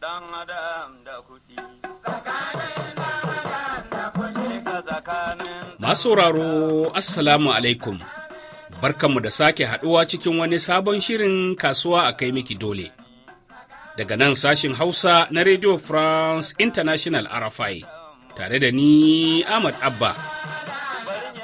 dan Masu sauraro Assalamu alaikum, barkanmu da sake haɗuwa cikin wani sabon shirin kasuwa a kai miki dole. Daga nan sashin Hausa na Radio France International RFI, tare da ni Ahmad Abba.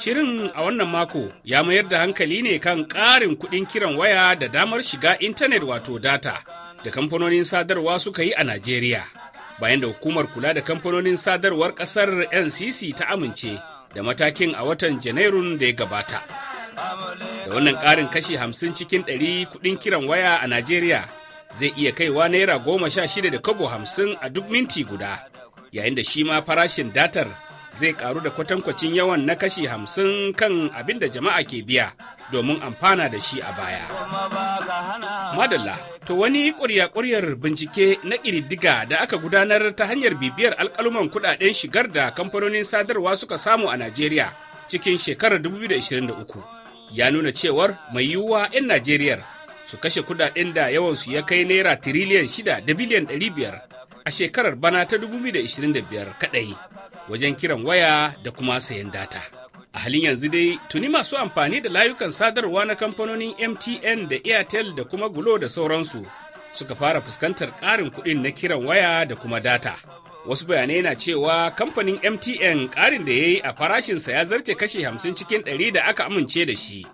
Shirin a wannan mako ya mayar da hankali ne kan ƙarin kuɗin kiran waya da damar shiga intanet wato data. da kamfanonin sadarwa suka yi a Najeriya bayan da hukumar kula da kamfanonin sadarwar ƙasar NCC ta amince da matakin a watan Janairun da ya gabata. Da wannan ƙarin kashi hamsin cikin ɗari kuɗin kiran waya a Najeriya zai iya kaiwa naira goma sha shida da kobo hamsin a duk minti guda yayin da shi ma farashin datar zai ƙaru da kwatankwacin yawan na kashi hamsin kan abin da jama'a ke biya domin amfana da shi a baya. Madalla, to wani ƙurya-ƙuryar bincike na ƙididdiga da aka gudanar ta hanyar bibiyar alƙaluman kuɗaɗen shigar da kamfanonin sadarwa suka samu a Najeriya cikin shekarar 2023 ya nuna cewar mai yiwuwa 'yan Najeriyar su kashe kuɗaɗen da yawansu ya kai naira tiriliyan shida da biliyan ɗari biyar a shekarar bana ta 2025 kaɗai wajen kiran waya da kuma sayan data. a halin yanzu dai tuni masu amfani da layukan sadarwa na kamfanonin mtn da airtel da kuma gulo da sauransu suka fara fuskantar ƙarin kuɗin na kiran waya da kuma data wasu bayanai na cewa kamfanin mtn ƙarin da ya yi a farashinsa ya zarce kashe hamsin cikin ɗari da aka amince da shi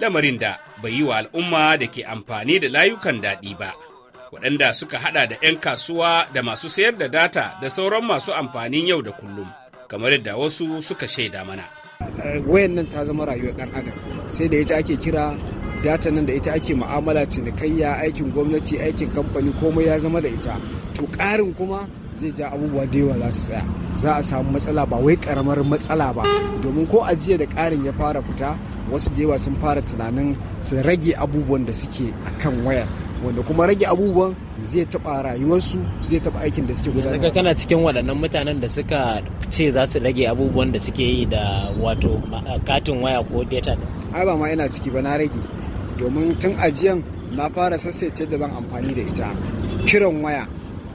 lamarin da bai yi wa al'umma da ke amfani da layukan daɗi ba waɗanda suka haɗa da 'yan kasuwa da masu sayar da data da sauran masu amfanin yau da kullum kamar yadda wasu suka shaida mana wayan nan ta zama rayuwar dan adam sai da ita ake kira data nan da ita ake mu'amala cinikayya aikin gwamnati aikin kamfani komai ya zama da ita to ƙarin kuma zai ja abubuwa da yawa za su tsaya za a samu matsala ba wai karamar matsala ba domin ko ajiya da karin ya fara fita wasu da yawa sun fara tunanin su rage abubuwan da suke akan wayar wanda kuma rage abubuwan zai taɓa rayuwarsu zai taba aikin da suke gudanarwa. kana cikin waɗannan mutanen da suka ce za su rage abubuwan da suke yi da wato katin waya ko data ɗin. ai ba ma ina ciki ba na rage domin tun ajiyan na fara sassaita da ban amfani da ita kiran waya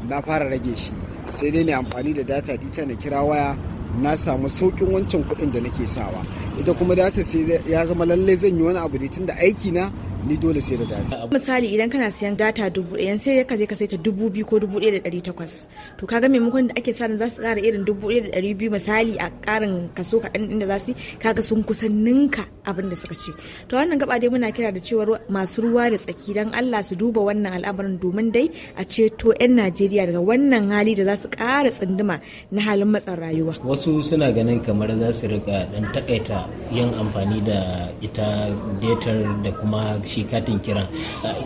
na fara rage shi sai dai ne amfani da data dita na kira waya na samu saukin wancan kuɗin da nake sawa ita kuma data sai ya zama lallai zan yi wani abu da tunda aiki na ni dole sai da data misali idan kana siyan data dubu ɗaya sai ka je ka saita dubu biyu ko dubu ɗaya da ɗari takwas to kaga maimakon da ake sani za su ƙara irin dubu ɗaya da ɗari biyu misali a ƙarin kaso kaɗan inda za su yi kaga sun kusan ninka abin da suka ce to wannan gaba dai muna kira da cewar masu ruwa da tsaki dan Allah su duba wannan al'amarin domin dai a ceto 'yan Najeriya daga wannan hali da za su ƙara tsunduma na halin matsan rayuwa wasu suna ganin kamar za su rika dan takaita yin amfani da ita detar da kuma shi katin kira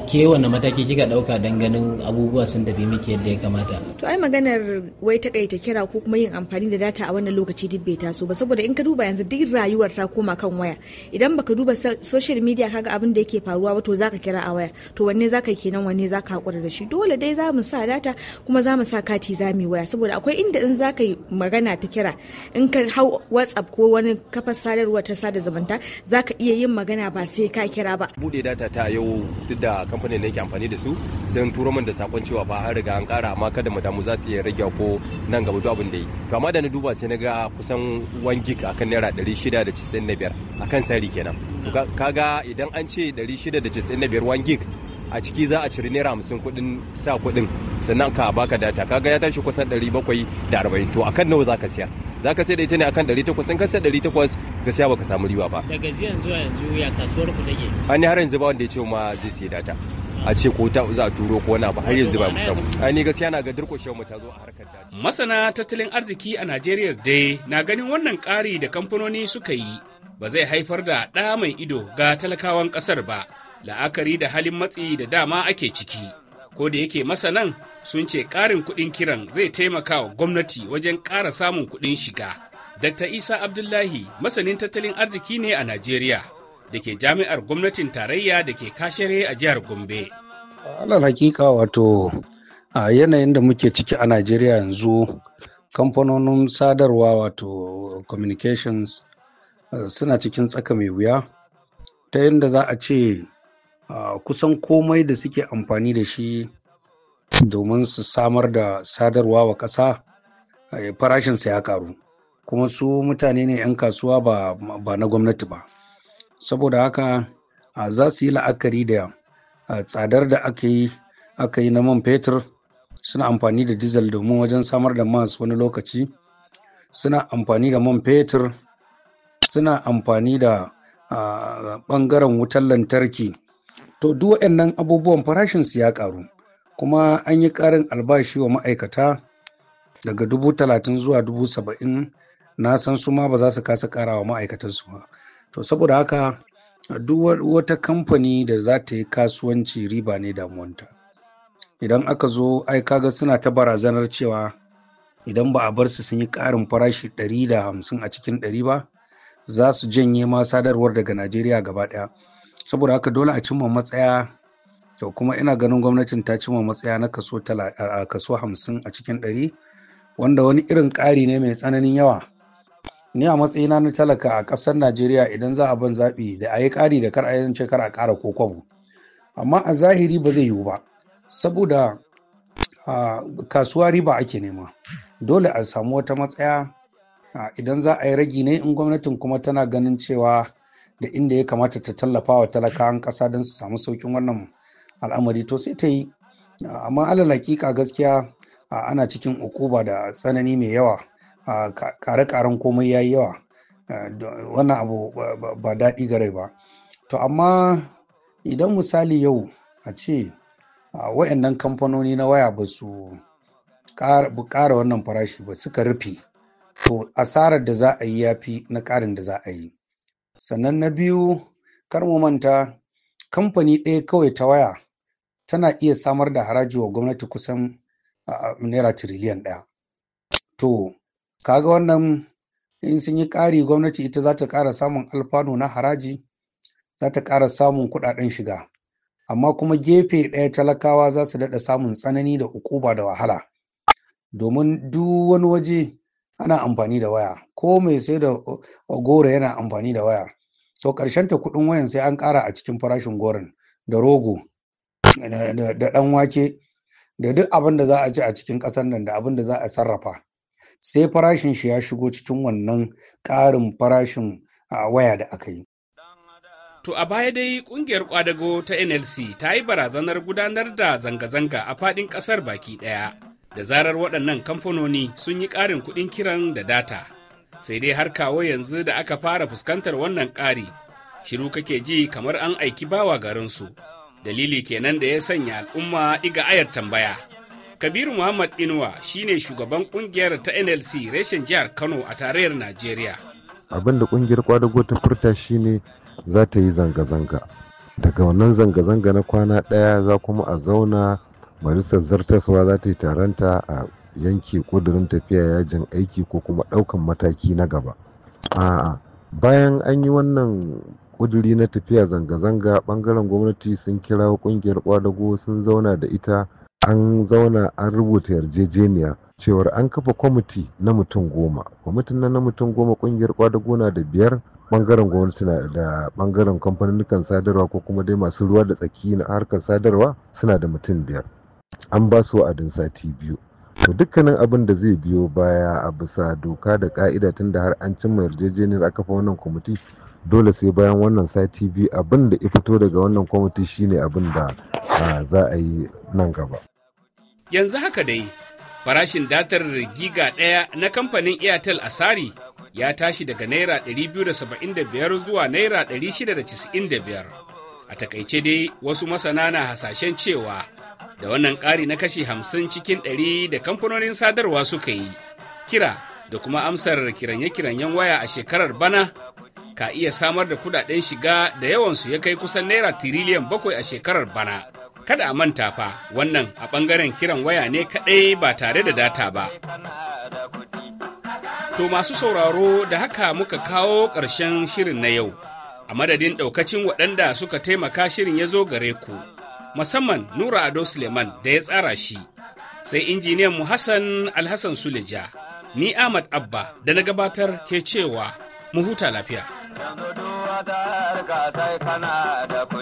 ke wani mataki kika dauka dan ganin abubuwa sun tafi miki yadda ya kamata to ai maganar wai takaita kira ko kuma yin amfani da data a wannan lokaci duk bai taso ba saboda in ka duba yanzu duk rayuwar ta koma kan waya idan baka duba social media kaga abin da yake faruwa ba to zaka kira a waya to wanne zaka kenan wanne zaka hakura da shi dole dai za mu sa data kuma za mu sa kati za mu waya saboda akwai inda in zaka yi magana ta kira in ka hau whatsapp ko wani kafar sadarwa ta sada zumunta za ka iya yin magana ba sai ka kira ba bude data ta yau duk da kamfanin da yake amfani da su sun turo min da sakon cewa ba an riga an kara amma kada mu damu za su iya rage ko nan gaba duk abin da yi to amma da na duba sai na ga kusan 1 gig akan naira 695 akan sari kenan to kaga idan an ce 695 1 gig a ciki za a ciri naira hamsin kuɗin sa kuɗin sannan ka baka data kaga ya tashi kusan 740 to akan nawa za ka siyar za ka sai da ita ne akan 800 in ka sai 800 gaskiya baka samu riba ba daga jiyan zuwa yanzu ya kasuwar ku take an har yanzu ba wanda ya ce ma zai sai data a ce ko ta za a turo ko wani abu har yanzu ba mu samu ni gaskiya na ga durƙushewar mu ta zo a harkar data masana tattalin arziki a Najeriya dai na ganin wannan ƙari da kamfanoni suka yi ba zai haifar da ɗa mai ido ga talakawan ƙasar ba la'akari da halin matsi da dama ake ciki ko da yake masanan sun ce ƙarin kuɗin kiran zai taimaka wa gwamnati wajen ƙara samun kuɗin shiga. Dr. Isa Abdullahi masanin tattalin arziki ne a Najeriya da ke jami'ar gwamnatin tarayya da ke kashere a jihar Gombe. Alal hakika wato a yanayin da muke ciki a Najeriya yanzu kamfanonin sadarwa wato communications eh, suna cikin tsaka mai wuya ta yadda za a ce kusan komai da suke amfani da shi domin su samar da sadarwa wa ƙasa eh, farashinsa ya karu kuma su mutane ne 'yan kasuwa ba na gwamnati ba saboda haka za su yi la'akari da tsadar da aka yi na man fetur suna amfani da dizal domin wajen samar da mas wani lokaci suna amfani da man fetur suna amfani da bangaren wutar lantarki to duk waɗannan abubuwan farashinsu ya ƙaru kuma an yi ƙarin albashi wa ma'aikata daga dubu talatin zuwa dubu saba'in na san su ma ba za su kasa ƙara wa ma'aikatansu ba to saboda haka duk wata kamfani da za ta yi kasuwanci riba ne damuwanta idan aka zo ai kaga suna ta barazanar cewa idan ba a bar su sun yi ƙarin farashi 150 a cikin 100 ba za su janye ma sadarwar daga najeriya gaba ɗaya saboda haka dole a cimma matsaya to kuma ina ganin gwamnatin ta cima matsaya na kaso kaso hamsin a cikin ɗari wanda wani irin ƙari ne mai tsananin yawa ni a matsayina na talaka a ƙasar najeriya idan za a ban zaɓi da a yi ƙari da kar a yi zance kar a ƙara ko kwabo amma a zahiri ba zai yiwu ba saboda kasuwa riba ake nema dole a samu wata matsaya idan za a yi ragi ne in gwamnatin kuma tana ganin cewa da inda ya kamata ta tallafa wa talakawan ƙasa don su samu sauƙin wannan al'amari to sai ta yi amma alal hakika gaskiya ana cikin ukuba da tsanani mai yawa kare-karen komai ya yi yawa wannan abu ba daɗi gare ba to amma idan misali yau a ce wayannan kamfanoni na waya ba su ƙara wannan farashi ba suka rufe to asarar da za a yi ya fi na ƙarin da za a yi sannan na biyu kar mu manta kamfani ɗaya kawai ta waya tana iya samar da haraji wa gwamnati kusan naira tiriliyan ɗaya. To, kaga wannan in sun yi ƙari gwamnati ita za ta ƙara samun alfanu na haraji, za ta ƙara samun kuɗaɗen shiga. Amma kuma gefe ɗaya talakawa za su daɗa samun tsanani da ukuba da wahala. Domin duk wani waje ana amfani da waya, ko mai sai da goro yana amfani da waya. To ta kuɗin wayan sai an ƙara a cikin farashin goron da rogo. da ɗan wake da duk abin da za a ci a cikin ƙasar nan da abin da za a sarrafa sai farashin shi ya shigo cikin wannan ƙarin farashin waya da aka yi. To a baya dai ƙungiyar kwadago ta NLC ta yi barazanar gudanar da zanga-zanga a faɗin ƙasar baki ɗaya da zarar waɗannan kamfanoni sun yi ƙarin kuɗin kiran da data. Sai dai har kawo yanzu da aka fara fuskantar wannan ƙari, shiru kake ji kamar an aiki bawa garinsu. dalili kenan da ya sanya al'umma iga ayar tambaya kabiru muhammad inuwa shine shugaban kungiyar ta nlc reshen jihar kano a tarayyar najeriya abin da kungiyar kwadago ta furta shine za ta yi zanga-zanga daga wannan zanga-zanga na kwana ɗaya za kuma a zauna majalisar zartaswa za ta yi taronta a yanke kudurin tafiya yajin aiki ko kuma ɗaukan mataki na gaba a'a bayan an yi wannan Kuduri na tafiya zanga-zanga Bangaren gwamnati sun kira ƙungiyar ƙwadago sun zauna da ita an zauna an rubuta yarjejeniya cewar an kafa kwamiti na mutum goma kwamitin na mutum goma ƙungiyar ƙwadago na da biyar bangaren gwamnati na da bangaren kamfanin sadarwa ko kuma dai masu ruwa da tsaki na harkar sadarwa suna da mutum biyar an ba su wa'adin sati biyu to dukkanin abin da zai biyo baya a bisa doka da ka'ida tun da har an cimma yarjejeniyar aka fa wannan kwamiti dole sai bayan wannan sati biyu abin da fito daga wannan kwamiti shine abin da za a yi nan gaba yanzu haka dai farashin datar giga ɗaya na kamfanin airtel asari ya tashi daga naira 275 zuwa naira 695 a takaice dai wasu masana na hasashen cewa da wannan ƙari na kashi hamsin cikin ɗari da kamfanonin sadarwa suka yi kira da kuma amsar kiranye-kiranyen waya a shekarar bana ka iya samar da kudaden shiga da yawansu ya kai kusan naira tiriliyan bakwai a shekarar bana. Kada a manta fa wannan a ɓangaren kiran waya ne kaɗai ba tare da data ba. To masu sauraro da haka muka kawo ƙarshen shirin na yau, a madadin ɗaukacin waɗanda suka taimaka shirin ya zo gare ku, musamman Nura Ado Suleiman da ya tsara shi, sai injiniyan mu Hassan Alhassan Suleja, ni Ahmad Abba da na gabatar ke cewa mu huta lafiya. ka sai kana da